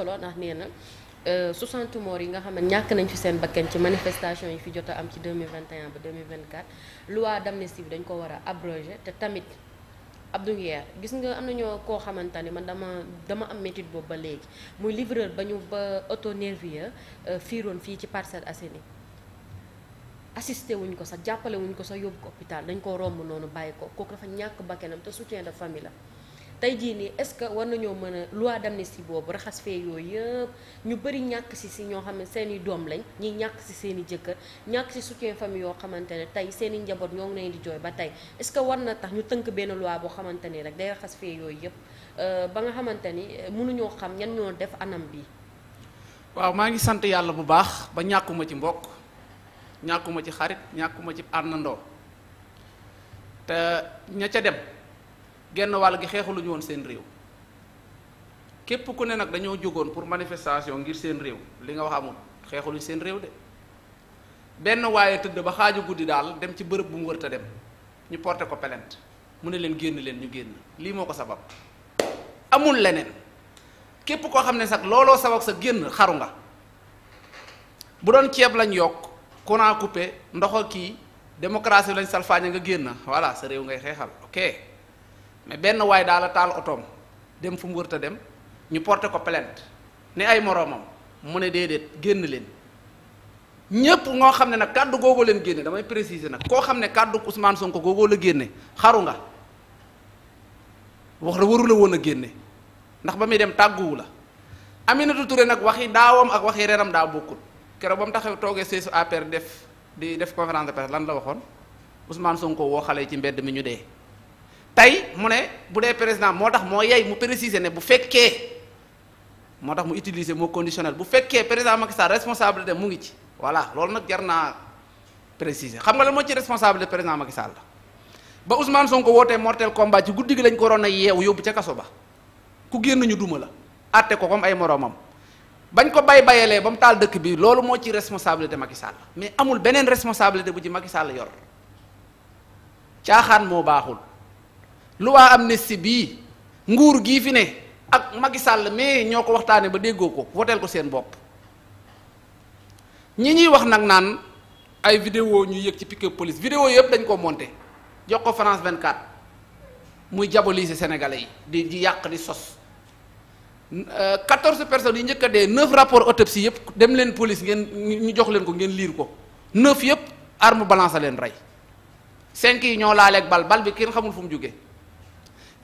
solo ndax nee na 60 euh, morts yi nga xam ne ñàkk nañ fi seen bakken ci manifestation yi fi jot a am ci 2021 ba 2024 loi d'amnistie bi dañ ko war a abroger te tamit Abdou gis nga am nañoo ñoo koo xamante ne man dama dama am métit boobu ba léegi muy livreur ba ñu ba auto nervie euh, fiiroon fii ci parcelle Assainies assisté wuñ ko sax jàppale wuñ ko sax yóbbu ko hôpital dañ ko romb noonu bàyyi ko kooku dafa ñàkk bakkanam te soutien de famille la tey jii nii est-ce que war nañoo mën a loi si boobu raxas fee yooyu yëpp ñu bëri ñàkk si si ñoo xam ne seen i doom lañ ñi ñàkk si seen i jëkkër ñàkk si soutien famille yoo xamante ne tey seen i njaboot ñoo ngi leen di jooy ba tey est-ce que war na tax ñu tënk benn loi boo xamante ni rek day raxas fee yooyu yëpp euh, ba nga xamante ni euh, mënuñoo xam ñan ñoo def anam bi waaw maa ngi sant yàlla bu baax ba ñàkkuma ci mbokk ñàkkuma ci xarit ñàkkuma ci àndandoo te ña ca dem genn wàll gi xeexaluñu woon seen réew képp ku ne nag dañoo jógoon pour manifestation ngir seen réew li nga wax amul xeexaluñu seen réew de benn waaye tëdd ba xaaju guddi daal dem ci bërëb bu mu wërta dem ñu porté ko plainte mu ne leen génn leen ñu génn lii moo ko sabab amul leneen képp koo xam ne sax looloo sabab sa génn xaru nga bu doon ceeb lañ yokk courant coupé ndox a kii démocratie lañ salfaañe nga génn voilà sa réew ngay xeexal ok mais benn waay daal la taal otoom dem fu mu wërta dem ñu porté ko plainte ni ay moroomam mu ne déedéet génn leen ñépp ngoo xam ne nag kàddu googoo leen génne damay préciser nag koo xam ne kàddu Ousmane Sonko googoo la génne xaru nga wax la waru woon a génne ndax ba muy dem tàgguwu la Aminata Touré nag waxi daawam ak waxi renam daa bokkul keroog ba mu taxaw toogee seesu APR def di def conférence de presse lan la waxoon Ousmane Sonko woo xale yi ci mbedd mi ñu dee tey mu ne bu dee président moo tax moo yey mu préciser ne bu fekkee moo tax mu utiliser moo conditionnel bu fekkee président Macky Sall responsabilité mu ngi ci voilà loolu nag jar naa préciser xam nga la moo ci responsabilité président Macky Sall ba Ousmane Sonko wootee mortel combat ci guddi gi lañ ko waroon a yeew yóbbu ca kaso ba ku génn ñu duma la àtte ko comme ay moroomam bañ ko bay bayalee ba mu taal dëkk bi loolu moo ci responsabilité Macky Sall mais amul beneen responsabilité bu ci Macky Sall yor caaxaan moo baaxul. loi amnistie bi nguur gii fi ne ak Macky Sall mais ñoo ko waxtaanee ba déggoo ko woteel ko seen bopp ñi ñuy wax nag naan ay vidéo ñu yëg ci pick-up police vidéo yëpp dañ ko monté jox ko France 24 muy diaboliser sénégalais yi di di yàq di sos 14 euh, personnes yi njëkk dee 9 rapport autopsie yëpp dem leen police ngeen ñu jox leen ko ngeen liir ko 9 yëpp arme balance a leen rey cinq yi ñoo laa laaleeg bal bal bi kenn xamul fu mu jógee.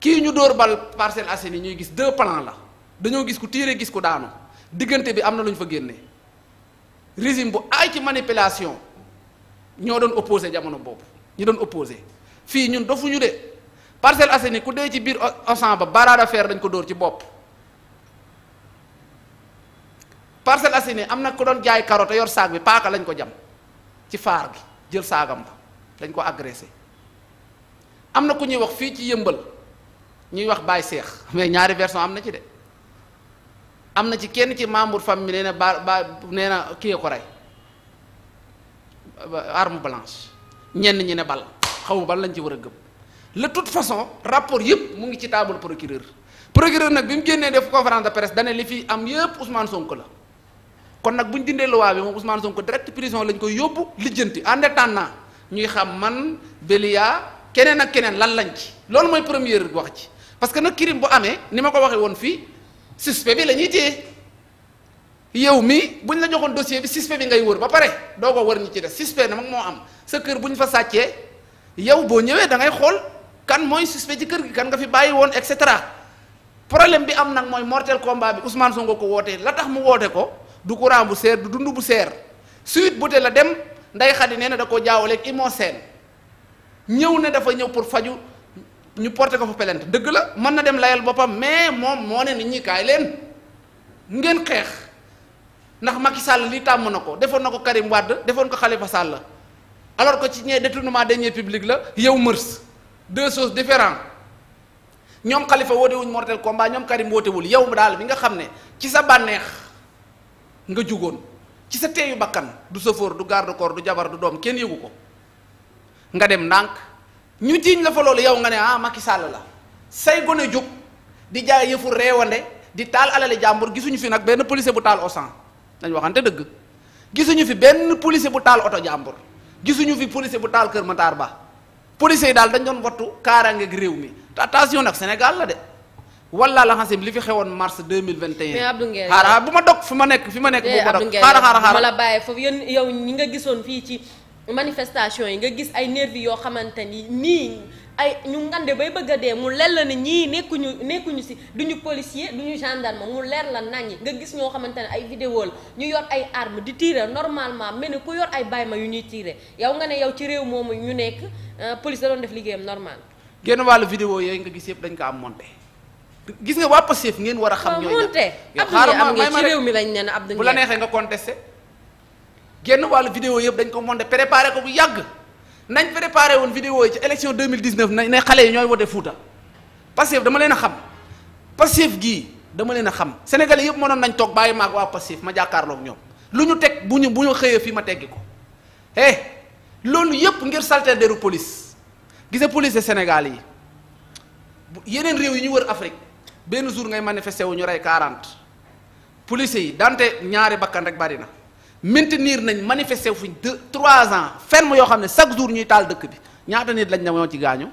kii ñu dóor bal Parcelles Assainies ñuy gis deux palan la dañoo gis ku tiire gis ku daanu diggante bi am na lu ñu fa génne régime bu ay ci manipulation ñoo doon opposé jamono boobu ñu doon opposé fii ñun dofuñu de Parcelles Assainies ku dee ci biir Auchan ba barada fer dañ ko dóor ci bopp Parcelles Assainies am na ku doon jaay carotte yor saag bi paaka lañ ko jam ci faar gi jël saagam ba dañ ko agressé am na ku ñuy wax fii ci yëmbal ñuy wax Baye Seex mais ñaari version am na ci de am na ci kenn ci membre famille mi nee na ba ba nee na kii ko rey arme blanche ñenn ñi ne bal xaw ma bal lañ ci war a gëm de toute façon rapport yëpp mu ngi ci table procureur procureur nag bi mu génnee def conférence de presse dane li fi am yëpp Ousmane sonk la kon nag bu ñu dindee loi bi moom Ousmane Sonko direct prison lañ koy yóbbu lijjanti en attendant ñuy xam man Belia keneen ak keneen lan lañ ci loolu mooy première wax ci parce que nag crime bu amee ni ma ko waxee woon fii suspect bi la ñuy téye yow mi buñ la joxoon dossier bi suspect bi ngay wër ba pare doo ko wër ñi ci des suspect na mag moo am sa kër bu ñu fa sàccee yow boo ñëwee da ngay xool kan mooy suspect ci kër gi kan nga fi bàyyi woon et cetera problème bi am nag mooy mortel combat bi Ousmane nga ko wootee la tax mu woote ko du courant bu seer du dund bu seer suite bu te la dem nday xadi nee na da koo jaawaleeg Imosène ñëw ne dafa ñëw pour faju ñu porté ko fa plainte dëgg la mën na dem layal boppam mais moom moo ne ni ñi leen ngeen xeex ndax Macky sàll li tàmm na ko defoon na ko Karim Wade defoon ko Khalifa Sall alors ko ci ñee de deniers publics la yow mërs de choses différentes ñoom Khalifa woote wuñ mortel combat ñoom Karim wootewul yow daal bi nga xam ne ci sa bànneex nga jugoon ci sa teeyu bakkan du chauffeur du garde corps du jabar du doom kenn yëgu ko nga dem ndànk ñu jiiñ la fa loolu yow nga ne ah Macky Sall la say gone jóg di jaay yëfu reewande di taal alali jàmbur gisuñu fi nag benn policier bu taal Auchan dañ waxante dëgg gisuñu fi benn policier bu taal oto jàmbur gisuñu fi policier bu taal Kër Matar Ba policier yi daal dañ doon wattu kaaraange ak réew mi te attention nag Sénégal la de walla la xasim li fi xewoon mars 2021 mais Abdou Nguer bu ma dog fi ma nekk fi ma nekk bu ma eh, dog xaaral xaaral xaaral ma la bàyyi foofu yow ñi nga gisoon fii ci manifestation yi nga gis ay nervi yoo xamante ni nii ay ñu ngande bay bëgg a dee mu leer la ne ñii nekkuñu nekkuñu si duñu policier duñu gendarme mu leer la nañ nañi nga gis ñoo xamante ne ay vidéo la ñu yor ay arme di tirer normalement mel ni ku yor ay ma yu ñuy tiire yow nga ne yow ci réew moom ñu nekk euh, police da doon def liggéeyam normal. genn wàllu video yooyu nga gis yëpp dañ ko am monté gis nga waa Pastef ngeen war a. xam ñooy monté. xaaral ma may ma bu la neexee nga contesté. genn wàllu vidéo yëpp dañ ko monté préparé ko bu yàgg nañ préparé woon vidéo yi ci élection 2019 nañ ne xale yi ñooy wote Fuuta Pastef dama leen a xam Pastef gii dama leen a xam sénégalais yëpp mënoon nañ toog bàyyi maag waa Pastef ma jàkkaarloog ñoom lu ñu teg bu ñu bu ñu xëyee fii ma teggi ko eh loolu yëpp ngir salté deru police gise police de Sénégal yi yeneen réew yi ñu wër Afrique benn jour ngay manifesté wu ñu rey 40 police yi dante ñaari bakkan rek bari na maintenir nañ manifesté wu fi deux trois ans ferme yoo xam ne chaque jour ñuy taal dëkk bi ñaata nit lañ ñoo ci gaañu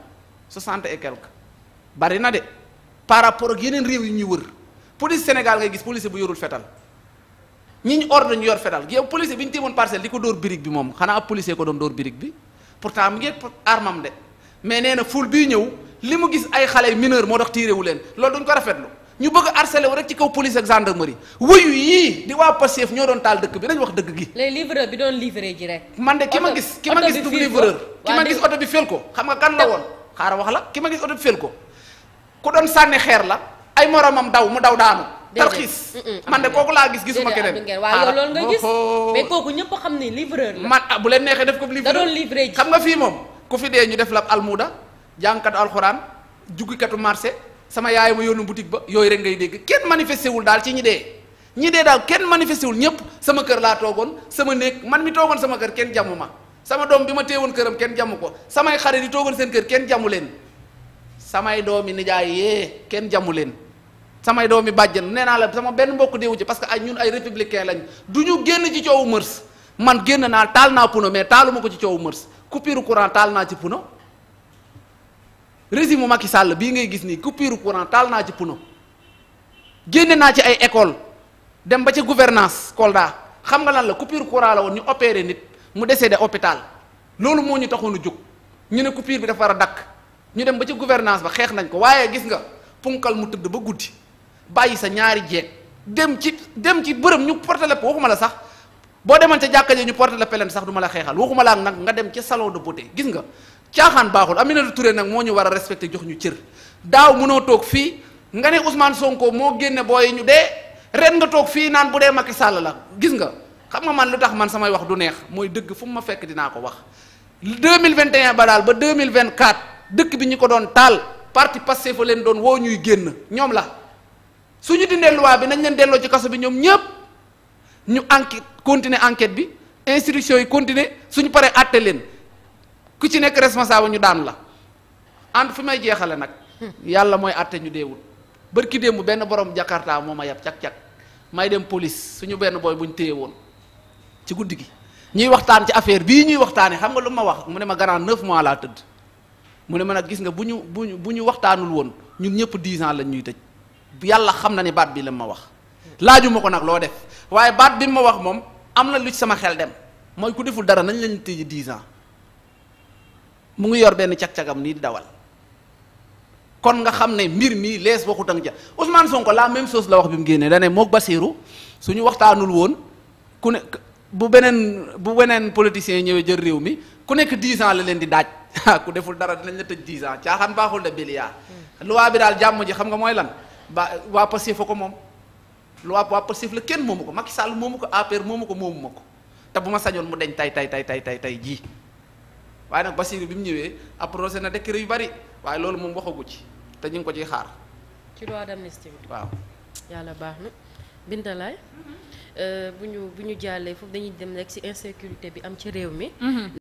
soixante et quelque bari na de par rapport ak yeneen réew yi ñuy wër police Sénégal ngay gis police bu yorul fetal ñi ñu ordre ñu yor fetal yow police bi ñu téemoon parcelle di ko dóor birig bi moom xanaa ab policier ko doon dóor birig bi pourtant mu ngi armam de mais nee na ful bii ñëw li mu gis ay xale mineur moo tax tiirewu leen loolu ko rafetlu. ñu bëgg a harcelé rek ci kaw police ak gendarmerie wuyu yii di waa Pastef ñoo doon taal dëkk bi nañ wax dëgg gi. les livreur bi doon livré ji rek. man de ki ma gis ki ma gis du livreur ki ma gis oto bi fel ko xam nga kan la woon. xaaral wax la ki ma gis oto bi fel ko ku doon sànni xeer la ay moromam daw mu daw daanu. tarxiis man de kooku laa gis gisuma keneen waaw yow loolu nga gis mais kooku ñëpp xam ni livreur la man ah, bu leen neexee def ko livreur da doon livré xam nga fii moom ku fi dee ñu def la almuda jàngkatu alxuraan juggikatu marché sama yaay ma yoonu boutique ba yooyu rek ngay dégg kenn manifesté wul daal ci ñi dee ñi dee daal kenn manifesté wul ñëpp sama kër laa toogoon sama néeg man mi toogoon sama kër kenn jàmm ma sama doom bi ma téewoon këram kenn jàmm ko samay xarit yi toogoon seen kër kenn jàmmu leen samay doomi nijaay yee kenn jàmmu leen samay doomi bàjjan nee naa la sama benn mbokk deewu ci parce que ay ñun ay républicain lañ du ñu génn ci coowu mërs man génn naa taal naa puno mais taalu ma ko ci coowu mërs coupure courant taal naa ci régime Macky sàll bii ngay gis nii coupure courant taal naa ci puno génne naa ci ay école dem ba ca gouvernance Kolda xam nga lan la coupure courant la woon ñu opeere nit mu desee décédé hôpital loolu moo ñu taxoon a jóg ñu ne coupure bi dafa war a dàq ñu dem ba ca gouvernance ba xeex nañ ko waaye gis nga punkal mu tëdd ba guddi bàyyi sa ñaari jeeg dem ci dem ci bërëm ñu porté la waxuma la sax boo demoon ca jàkka ji ñu porté la plainte sax du ma la xeexal waxuma la nag nga dem ca salon de beauté gis nga caaxaan baaxul Aminata ture nag moo ñu war a respecté jox ñu cër daaw mënoo toog fii nga ne Ousmane Sonko moo génne booy ñu dee ren nga toog fii naan bu dee Macky Sall la gis nga xam nga man lu tax man samay wax du neex mooy dëgg fu mu ma fekk dinaa ko wax. deux mille 2021 ba daal ba deux mille 2024 dëkk bi ñu ko doon taal parti Pastef fa leen doon woo ñuy génn ñoom la su ñu dindee luwaa bi nañ leen delloo ci kaso bi ñoom ñëpp ñu enquête continuer enquête bi instruction yi continuer suñu paree àtte leen. ku ci nekk responsable ñu daan la and fi may jeexale nag yàlla mooy àtte ñu deewut bërki démb benn borom jakarta moo ma yab cag-cag may dem police suñu benn booy buñ téye woon ci guddi gi ñuy waxtaan ci affaire bii ñuy waxtaanee xam nga lu ma wax mu ne ma gannaaw neuf mois laa tëdd mu ne ma nag gis nga bu ñu bu ñu bu ñu waxtaanul woon ñun ñëpp dix ans lañ ñuy tëj yàlla xam na ne baat bi la ma wax laajuma ko nag loo def waaye baat bi ma wax moom am na lu ci sama xel dem mooy ku deful dara nañ lañ tëj dix ans mu ngi yor benn cag-cagam nii di dawal kon nga xam ne mbir mii lees waxut ak ja Ousmane Sonko la même chose la wax bi mu génnee da ne basiiru Basirou suñu waxtaanul woon ku ne bu beneen bu weneen politicien ñëwee jël réew mi ku nekk 10 ans la leen di daaj ah, ku deful dara dinañ la tëj 10 ans caaxaan baaxul de biliard. Hmm. loi bi daal jàmm ji xam nga mooy lan ba waa Pastef fa ko moom. loi waa Pastef la kenn moomu ko mag Sall moomu ko APR moomu ko moomu ma ko te bu ma sañoon mu deñ tay tay tay tay tay tay jii. waaye nag Bassirou bi mu ñëwee approché na décret yu bari waaye loolu moom waxagu ci te ñu ngi ko ciy xaar. ci loi d'amnistie bi. waaw. yàlla baax na Bintalaay mhm. euh, bu ñu bu ñu jàllee foofu dañuy dem rek ci insécurité bi am ci réew mi. Mhm.